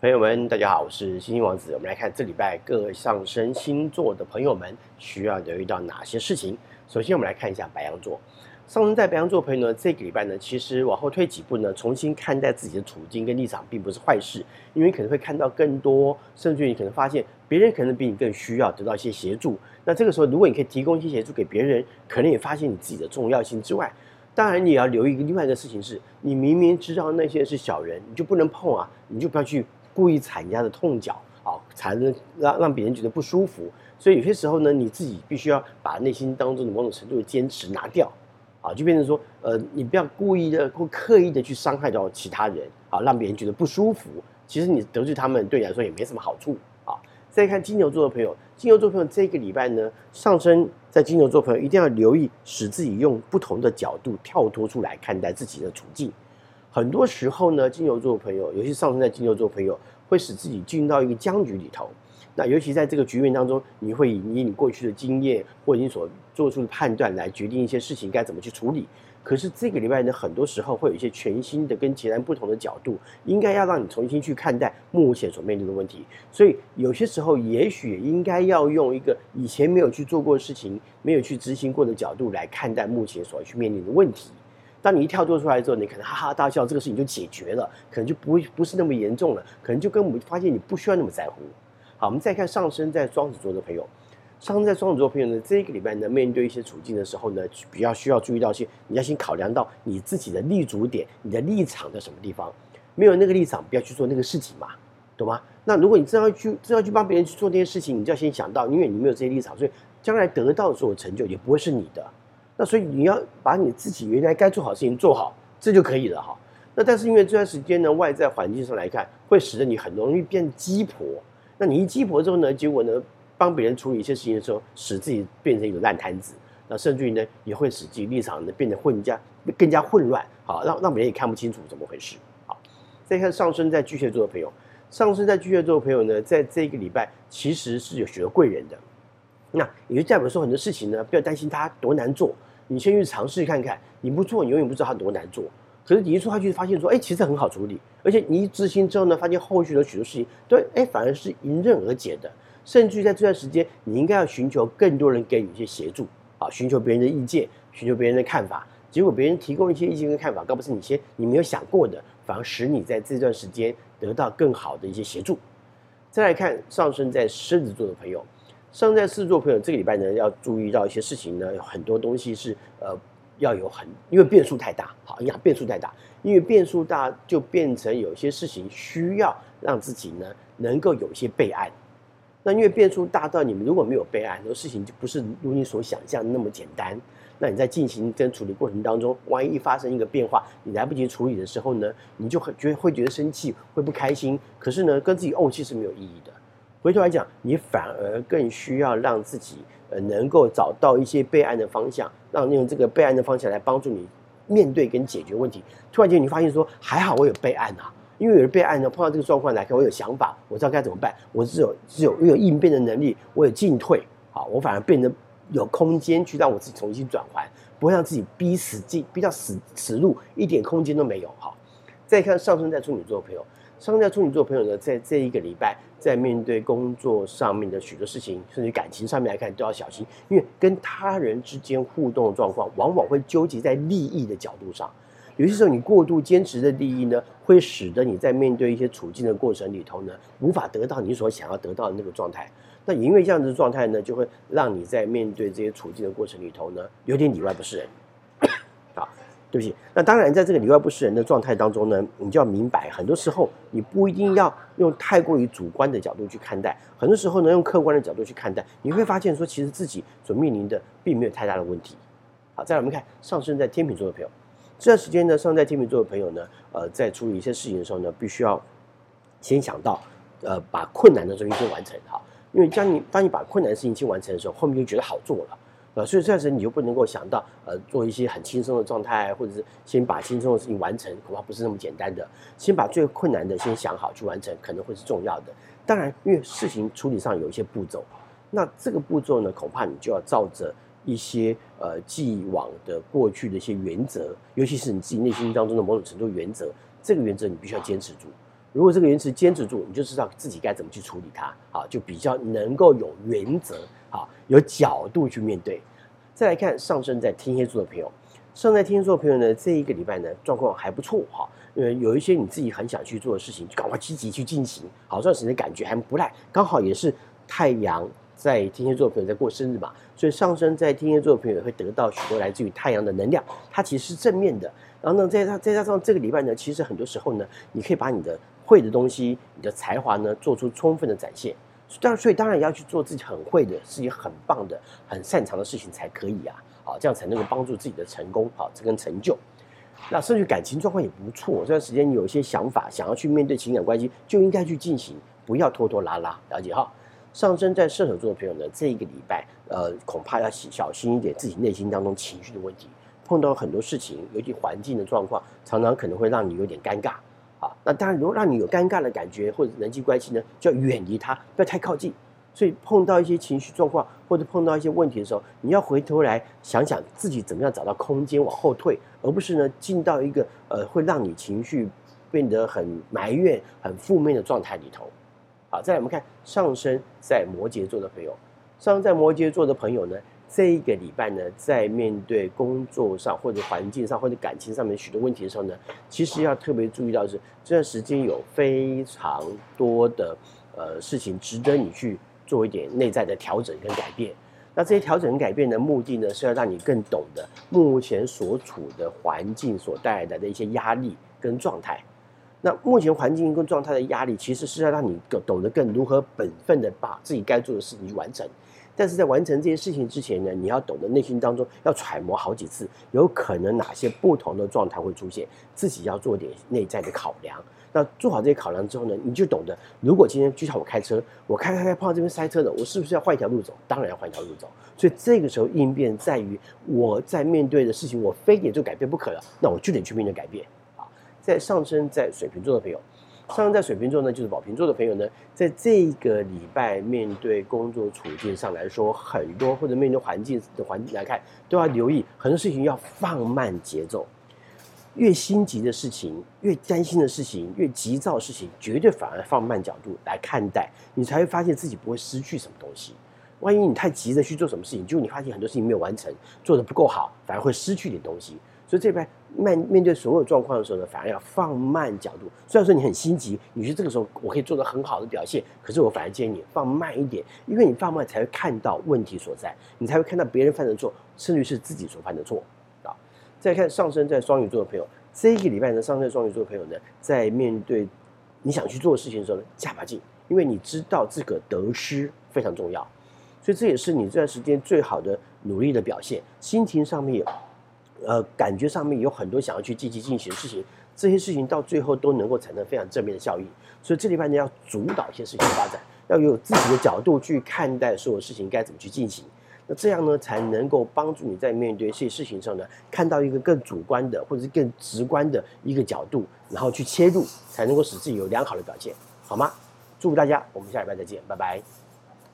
朋友們，大家好，我是星星王子。我們來看這禮拜各上升星座的朋友們需要留意到哪些事情。首先，我們來看一下白羊座上升在白羊座朋友呢，這個禮拜呢，其實往後退幾步呢，重新看待自己的處境跟立場，並不是壞事。因為可能會看到更多，甚至於你可能發現別人可能比你更需要得到一些協助。那這個時候，如果你可以提供一些協助給別人，可能也發現你自己的重要性之外，當然，你也要留意另外一個事情是，你明明知道那些是小人，你就不能碰啊，你就不要去。故意踩人家的痛腳啊，才能讓讓別人覺得不舒服。所以有些時候呢，你自己必須要把內心當中的某種程度的堅持拿掉啊，就變成說，呃，你不要故意的或刻意的去傷害到其他人啊，讓別人覺得不舒服。其實你得罪他們，對你來說也沒什麼好處啊。再看金牛座的朋友，金牛座的朋友這個禮拜呢，上升在金牛座的朋友一定要留意，使自己用不同的角度跳脫出來看待自己的處境。很多時候呢，金牛座的朋友，尤其上升在金牛座的朋友，會使自己進入到一個僵局裡頭。那尤其在這個局面當中，你會以你過去的經驗或你所做出的判斷來決定一些事情該怎麼去處理。可是這個禮拜呢，很多時候會有一些全新的、跟截然不同的角度，應該要讓你重新去看待目前所面臨的問題。所以有些時候，也許應該要用一個以前沒有去做過的事情、沒有去執行過的角度來看待目前所去面臨的問題。當你一跳脫出來之後，你可能哈哈大笑，這個事情就解決了，可能就不會不是那麼嚴重了，可能就跟我們發現你不需要那麼在乎。好，我們再看上升在雙子座的朋友，上升在雙子座朋友呢，這個禮拜呢，面對一些處境的時候呢，比較需要注意到些，你要先考量到你自己的立足點，你的立場在什麼地方，沒有那個立場，不要去做那個事情嘛，懂嗎？那如果你真要去真要去幫別人去做這件事情，你就要先想到，因為你沒有這些立場，所以將來得到的所有成就也不會是你的。那所以你要把你自己原來該做好事情做好，這就可以了哈。那但是因為這段時間呢，外在環境上來看，會使得你很容易變雞婆。那你一雞婆之後呢，結果呢，幫別人處理一些事情的時候，使自己變成一個爛攤子。那甚至於呢，也會使自己立場呢變得混加更加混亂，好讓讓別人也看不清楚怎麼回事。好，再看上升在巨蟹座的朋友，上升在巨蟹座的朋友呢，在這個禮拜其實是有許多貴人的。那也就代表說很多事情呢，不要擔心他多難做。你先去嘗試看看，你不做你永遠不知道它多難做。可是你一做下去，發現說，哎、欸，其實很好處理。而且你一執行之後呢，發現後續有許多事情都，對，哎，反而是迎刃而解的。甚至在這段時間，你應該要尋求更多人給你一些協助啊，尋求別人的意見，尋求別人的看法。結果別人提供一些意見跟看法，倒不是你先你沒有想過的，反而使你在這段時間得到更好的一些協助。再來看上升在獅子座的朋友。上升四座朋友，這個禮拜呢，要注意到一些事情呢，有很多東西是呃，要有很，因為變數太大，好，呀，變數太大，因為變數大就變成有些事情需要讓自己呢，能夠有一些備案。那因為變數大到你們如果沒有備案，很多事情就不是如你所想象的那麼簡單。那你在進行跟處理過程當中，萬一發生一個變化，你來不及處理的時候呢，你就很覺會覺得生氣，會不開心。可是呢，跟自己慪氣是沒有意義的。回頭來講，你反而更需要讓自己呃能夠找到一些備案的方向，讓用這個備案的方向來幫助你面對跟解決問題。突然間你發現說，還好我有備案啊，因為有備案呢，碰到這個狀況來看，我有想法，我知道該怎麼辦，我只有只有我有應變的能力，我有進退啊，我反而變得有空間去讓我自己重新轉換，不會讓自己逼死進，逼到死死路，一點空間都沒有。好，再看上升在處女座的朋友。上升處女座朋友呢，在這一個禮拜，在面對工作上面的許多事情，甚至感情上面來看，都要小心，因為跟他人之間互動的狀況，往往會糾結在利益的角度上。有些時候，你過度堅持的利益呢，會使得你在面對一些處境的過程裡頭呢，無法得到你所想要得到的那個狀態。那因為這樣的狀態呢，就會讓你在面對這些處境的過程裡頭呢，有點裡外不是人。對不起，那當然，在這個裡外不是人的狀態當中呢，你就要明白，很多時候你不一定要用太過於主觀的角度去看待，很多時候呢，用客觀的角度去看待，你會發現說，其實自己所面臨的並沒有太大的問題。好，再來我們看上升在天秤座的朋友，這段時間呢，上升在天秤座的朋友呢，呃，在處理一些事情的時候呢，必須要先想到，呃，把困難的事情先完成哈，因為當你當你把困難的事情先完成的時候，後面就覺得好做了。呃，所以這時候你就不能夠想到，呃，做一些很輕鬆的狀態，或者是先把輕鬆的事情完成，恐怕不是那麼簡單的。先把最困難的先想好去完成，可能會是重要的。當然，因為事情處理上有一些步驟，那這個步驟呢，恐怕你就要照着一些呃既往的過去的一些原則，尤其是你自己內心當中的某種程度原則，這個原則你必須要堅持住。如果這個原則堅持住，你就知道自己該怎麼去處理它，啊，就比較能夠有原則，啊，有角度去面對。再來看上升在天蠍座的朋友，上升在天蠍座的朋友呢，這一個禮拜呢狀況還不錯，哈，因為有一些你自己很想去做的事情，就趕快積極去進行，好，這段時間感覺還不賴，剛好也是太陽。在天蠍座朋友在過生日嘛，所以上升在天蠍座朋友也會得到許多來自於太陽的能量，它其實是正面的。然後呢，再加再加上這個禮拜呢，其實很多時候呢，你可以把你的會的東西、你的才華呢，做出充分的展現。當然，所以當然要去做自己很會的、自己很棒的、很擅長的事情才可以啊，好，這樣才能夠幫助自己的成功，好，這跟成就。那甚至感情狀況也不錯，這段時間你有一些想法想要去面對情感關係，就應該去進行，不要拖拖拉拉，了解哈。上升在射手座的朋友呢，這一個禮拜，呃，恐怕要小心一點自己內心當中情緒的問題。碰到很多事情，尤其環境的狀況，常常可能會讓你有點尷尬。啊，那當然，如果讓你有尷尬的感覺或者人際關係呢，就要遠離他，不要太靠近。所以碰到一些情緒狀況或者碰到一些問題的時候，你要回頭來想想自己怎麼樣找到空間往後退，而不是呢進到一個呃會讓你情緒變得很埋怨、很負面的狀態裡頭。好，再來我們看上升在摩羯座的朋友，上升在摩羯座的朋友呢，這一個禮拜呢，在面對工作上或者環境上或者感情上面許多問題的時候呢，其實要特別注意到是這段時間有非常多的呃事情值得你去做一點內在的調整跟改變。那這些調整跟改變的目的呢，是要讓你更懂得目前所處的環境所帶來的一些壓力跟狀態。那目前環境跟狀態的壓力，其實是要讓你更懂得更如何本分的把自己該做的事情去完成。但是在完成這些事情之前呢，你要懂得內心當中要揣摩好幾次，有可能哪些不同的狀態會出現，自己要做點內在的考量。那做好這些考量之後呢，你就懂得，如果今天就像我開車，我開開開碰到這邊塞車了，我是不是要換一條路走？當然要換一條路走。所以這個時候應變在於，我在面對的事情，我非得做改變不可了，那我就得去面對改變。在上升在水瓶座的朋友，上升在水瓶座呢，就是寶瓶座的朋友呢，在這個禮拜面對工作處境上來說，很多或者面對環境的環境來看，都要留意很多事情要放慢節奏。越心急的事情，越擔心的事情，越急躁的事情，絕對反而放慢角度來看待，你才會發現自己不會失去什麼東西。萬一你太急着去做什麼事情，就你發現很多事情沒有完成，做得不夠好，反而會失去點東西。所以這邊面面對所有狀況的時候呢，反而要放慢角度。雖然說你很心急，你覺得這個時候我可以做得很好的表現，可是我反而建議你放慢一點，因為你放慢才會看到問題所在，你才會看到別人犯的錯，甚至於是自己所犯的錯。啊，再看上升在雙魚座的朋友，這一個禮拜呢，上升在雙魚座的朋友呢，在面對你想去做的事情的時候呢，加把勁，因為你知道這個得失非常重要，所以這也是你這段時間最好的努力的表現，心情上面有呃，感覺上面有很多想要去積極進行的事情，這些事情到最後都能夠產生非常正面的效應。所以這禮拜呢，要主導一些事情的發展，要有自己的角度去看待所有事情該怎麼去進行。那這樣呢，才能夠幫助你在面對這些事情上呢，看到一個更主觀的或者是更直觀的一個角度，然後去切入，才能夠使自己有良好的表現，好嗎？祝福大家，我們下禮拜再見，拜拜。